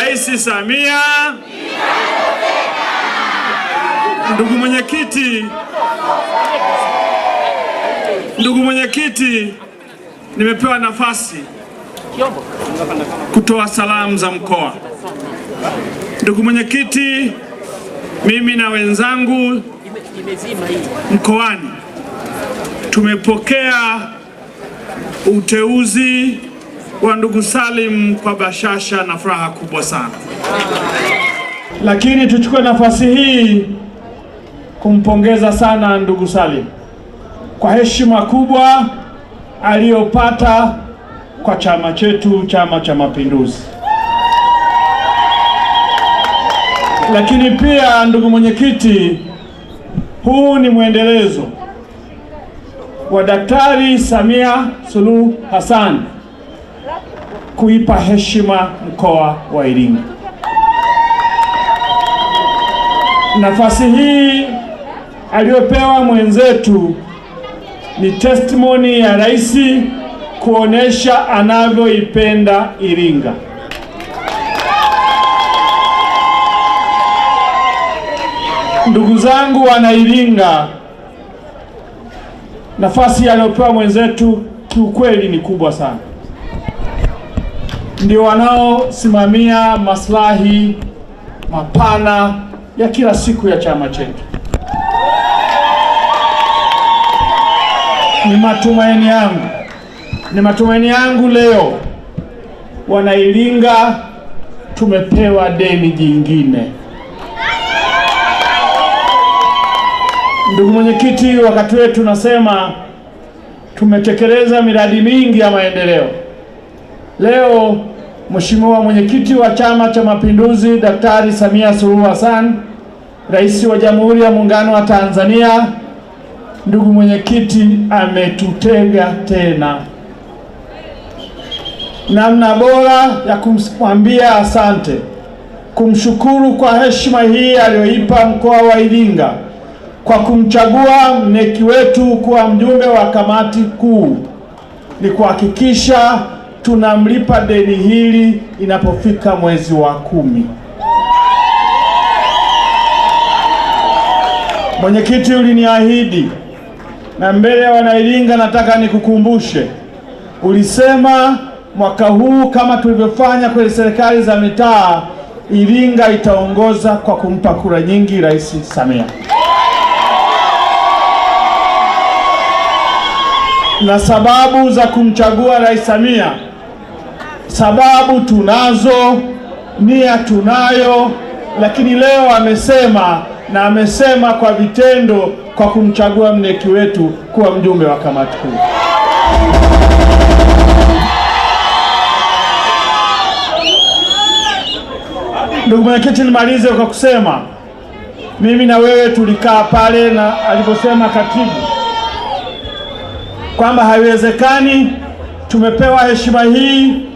Rais Samia, ndugu mwenyekiti, ndugu mwenyekiti, nimepewa nafasi kutoa salamu za mkoa. Ndugu mwenyekiti, mimi na wenzangu mkoani tumepokea uteuzi wa ndugu Salim kwa bashasha na furaha kubwa sana, lakini tuchukue nafasi hii kumpongeza sana ndugu Salim kwa heshima kubwa aliyopata kwa chama chetu, Chama cha Mapinduzi. Lakini pia ndugu mwenyekiti, huu ni mwendelezo wa Daktari Samia Suluhu Hassan kuipa heshima mkoa wa Iringa. Nafasi hii aliyopewa mwenzetu ni testimony ya rais kuonesha anavyoipenda Iringa. Ndugu zangu wana Iringa, nafasi aliyopewa mwenzetu kiukweli ni kubwa sana ndio wanaosimamia maslahi mapana ya kila siku ya chama chetu. Ni matumaini yangu, ni matumaini yangu leo Wanailinga tumepewa deni jingine. Ndugu mwenyekiti, wakati wetu nasema tumetekeleza miradi mingi ya maendeleo Leo Mheshimiwa mwenyekiti wa Chama cha Mapinduzi Daktari Samia Suluhu Hassan, Rais wa Jamhuri ya Muungano wa Tanzania, ndugu mwenyekiti, ametutega tena. Namna bora ya kumwambia asante, kumshukuru kwa heshima hii aliyoipa mkoa wa Iringa kwa kumchagua mneki wetu kuwa mjumbe wa kamati kuu ni kuhakikisha tunamlipa deni hili inapofika mwezi wa kumi. Mwenyekiti, uliniahidi na mbele ya Wanairinga nataka nikukumbushe, ulisema mwaka huu kama tulivyofanya kwenye serikali za mitaa, Iringa itaongoza kwa kumpa kura nyingi Rais Samia. Na sababu za kumchagua Rais Samia sababu tunazo, nia tunayo, lakini leo amesema na amesema kwa vitendo, kwa kumchagua mneki wetu kuwa mjumbe wa kamati kuu. Ndugu mwenyekiti, nimalize kwa kusema mimi na wewe tulikaa pale na alivyosema katibu kwamba haiwezekani tumepewa heshima hii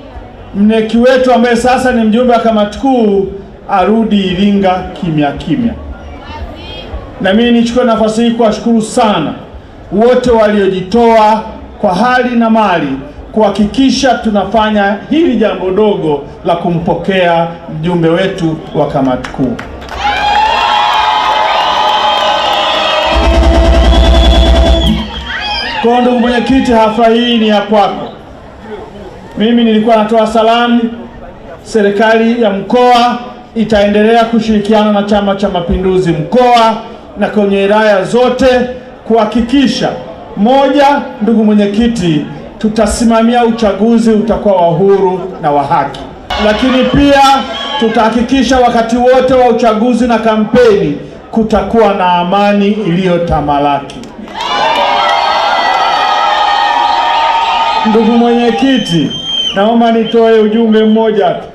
mneki wetu ambaye sasa ni mjumbe wa kamati kuu arudi Iringa kimya kimya. Na mimi nichukue nafasi hii kuwashukuru sana wote waliojitoa kwa hali na mali kuhakikisha tunafanya hili jambo dogo la kumpokea mjumbe wetu wa kamati kuu. Kwa ndugu mwenyekiti, hafla hii ni ya kwako. Mimi nilikuwa natoa salamu, serikali ya mkoa itaendelea kushirikiana na Chama cha Mapinduzi mkoa na kwenye wilaya zote kuhakikisha, moja, ndugu mwenyekiti, tutasimamia uchaguzi utakuwa wa huru na wa haki, lakini pia tutahakikisha wakati wote wa uchaguzi na kampeni kutakuwa na amani iliyotamalaki. Ndugu mwenyekiti Naomba nitoe ujumbe mmoja tu.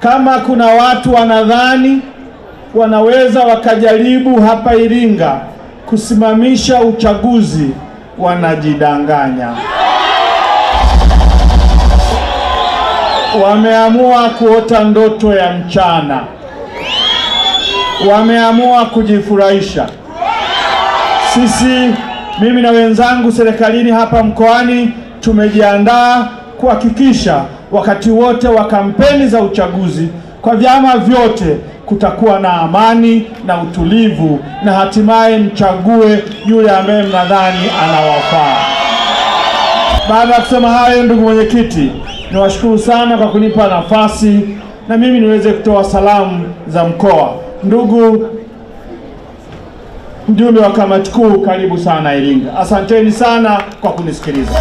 Kama kuna watu wanadhani wanaweza wakajaribu hapa Iringa kusimamisha uchaguzi, wanajidanganya. Wameamua kuota ndoto ya mchana, wameamua kujifurahisha. Sisi, mimi na wenzangu serikalini hapa mkoani tumejiandaa kuhakikisha wakati wote wa kampeni za uchaguzi kwa vyama vyote kutakuwa na amani na utulivu, na hatimaye mchague yule ambaye mnadhani anawafaa. Baada ya kusema hayo, ndugu mwenyekiti, niwashukuru sana kwa kunipa nafasi na mimi niweze kutoa salamu za mkoa. Ndugu mjumbe wa kamati kuu, karibu sana Iringa. Asanteni sana kwa kunisikiliza.